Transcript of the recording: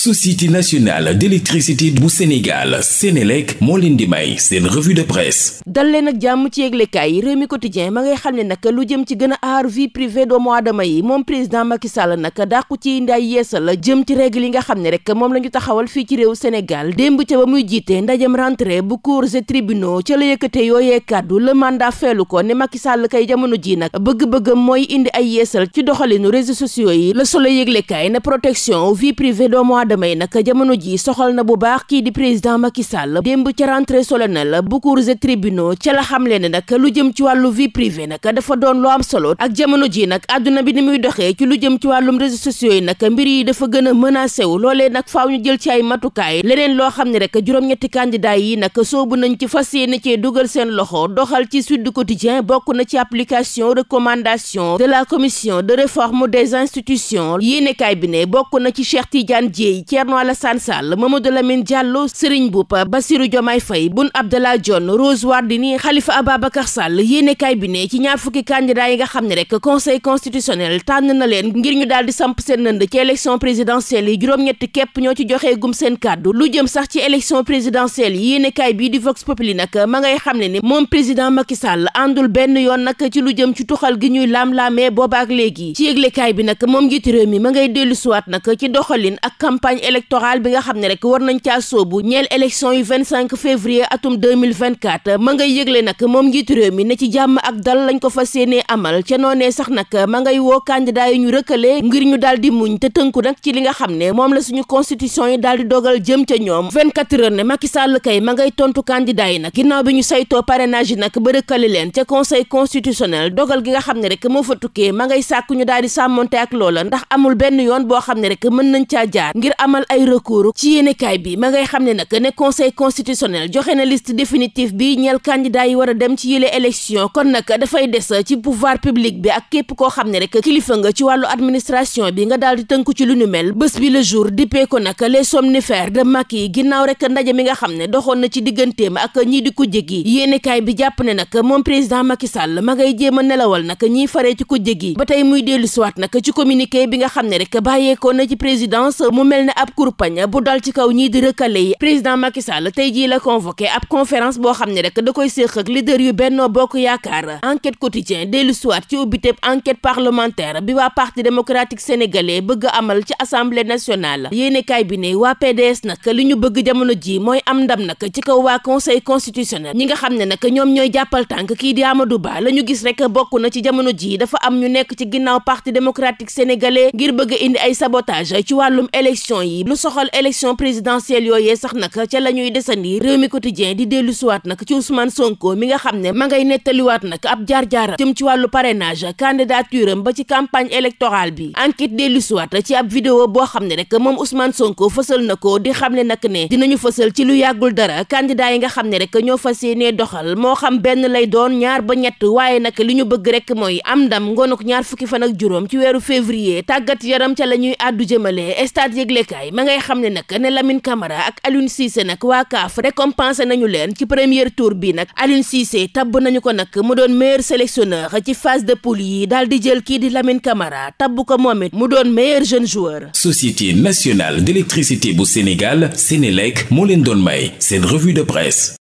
société nationale d'électricité bu Sénégal Sénélec moo leen di may seen revue de presse dal leen ak jàmm ci yëglekaay yi Rewmi Quotidien ma ngay xam ne nag lu jëm ci gën a aar vie privée doomu aadama yi moom président Macky Sall nag dàqu ci nday yeesal jëm ci règle yi nga xam ne rek moom lañu taxawal fii ci réew Sénégal démb ca ba muy jiite ndajam rentrée bu cours et tribunaux ca la yëkkate yooyee kàddu le mandat feelu ko ne Macky Sall kay jamono ji nag bëgg-bëgg mooy indi ay yeesal ci doxalinu réseaux sociaux yi Le Soleil yëglekaay na aadama yi nag jamono ji soxal na bu baax kii di président Macky Sall démb ca rentrée solennelle bu cour des tribunaux ca la xam leen nag lu jëm ci wàllu vie privée nag dafa doon lu am solo ak jamono ji nag àdduna bi ni muy doxee ci lu jëm ci wàllum réseaux sociaux yi nag mbir yi dafa gën a menacé wu loolee nag faaw ñu jël ci ay matukaay leneen loo xam ne rek juróom-ñetti candidat yi nag soobu nañ ci fas yéene cee dugal seen loxo doxal ci Sud Quotidien bokk na ci application recommandation de la commission de réforme des institutions yéenekaay bi ne bokk na ci Cheikh Tidiane Dièye Gueye Thierno Alassane Sall Mamadou Lamine Diallo Serigne Mboup Bassirou Diomaye Faye Boun Abdallah Dionne Rose Wardini Khalifa Ababacar Sall yéenekaay bi ne ci ñaar fukki candidat yi nga xam ne rek conseil constitutionnel tànn na leen ngir ñu daal di samp seen nënd ci élection présidentielle yi juróom-ñetti képp ñoo ci joxee gum seen kàddu lu jëm sax ci élection présidentielle yi yéenekaay bii di Vox Populi nag ma ngay xam ne ni moom président Macky Sall àndul benn yoon nag ci lu jëm ci tuxal gi ñuy laam-laamee léegi ci bi nag moom njiitu réew mi campagne électorale bi nga xam ne rek war nañ caa soobu ñeel élection yu 25 février atum 2024 ma ngay yëgle nag moom njiitu réew mi ne ci jàmm ak dal lañ ko fas yéenee amal ca noonee sax nag ma ngay woo candidat yi ñu rëkkale ngir ñu daal di muñ te tënku nag ci li nga xam ne moom la suñu constitution yi daal di dogal jëm ca ñoom 24 heures ne Macky Sall kay ma ngay tontu candidat yi nag ginnaaw bi ñu saytoo parrainage yi nag ba rëkkale leen ca conseil constitutionnel dogal gi nga xam ne rek moo fa tukkee ma ngay sàkku daal di sàmmonte ak loola ndax amul benn yoon boo xam ne rek mën nañ caa jaar ngir amal ay recours ci yéenekaay bi ma ngay xam ne nag ne conseil constitutionnel joxe na list définitive bi ñeel candidat yi war a dem ci yële élection kon nag dafay des ci pouvoir publique bi ak képp koo xam ne rek kilifa nga ci wàllu administration bi nga daal di tënku ci lu nu mel bés bi le jour dippee ko nag les somnifères de Macky ginnaaw rek ndaje mi nga xam ne doxoon na ci digganteem ak ñii di ko jéggi yéenekaay bi jàpp ne nag moom président Macky Sall ma ngay jéem a nelawal nag ñiy faree ci ko jéggi ba tey muy dellu siwaat nag ci communiqué bi nga xam ne rek na ci présidence ne ab kurpañ bu dal ci kaw ñii di rëkkale yi président Macky Sall tey jii la convoqué ab conférence boo xam ne rek da koy séq ak leader yu Benno Bokk Yaakaar enquête quotidien dellu siwaat ci ubbiteb enquête parlementaire bi waa parti démocratique sénégale bëgg amal ci assemblée nationale yéene kaay bi ne waa PDS nag li ñu bëgg jamono jii mooy am ndam nag ci kaw waa conseil constitutionnel ñi nga xam ne nag ñoom ñooy jàppal tànk kii di Amadou Ba la ñu gis rek bokk na ci jamono ji dafa am ñu nekk ci ginnaaw parti démocratique sénégalais ngir bëgg indi ay sabotage ci wàllum élection élection yi lu soxal élection présidentielle yooyee sax nag ca la ñuy desandi réew mi quotidien di dellu siwaat nag ci Ousmane Sonko mi nga xam ne ma ngay nettaliwaat nag ab jaar-jaaram jëm ci am ba ci campagne électorale bi enquête dellu siwaat ci ab vidéo boo xam ne rek moom Ousmane Sonko fësal na ko di xam ne nag ne dinañu fësal ci lu yàggul dara candidat yi nga xam ne rek ñoo fas yéenee doxal moo xam benn lay doon ñaar ba ñett waaye nag li ñu bëgg rek mooy am ndam ngonuk ñaar fukki fan ak juróom ci weeru février tàggat yaram ca la yéenekaay ma ngay xam ne nag ne Lamine Camara ak alun Cissé nag waa CAF récompensé nañu leen ci premier tour bi nag Aliou Cissé tabb nañu ko nag mu doon meilleur sélectionneur ci phase de poule yi daal di jël kii di Lamine Camara tabb ko moom it mu doon meilleur jeune joueur. Société nationale d'électricité bu Sénégal Sénélec moo leen doon may seen revue de presse.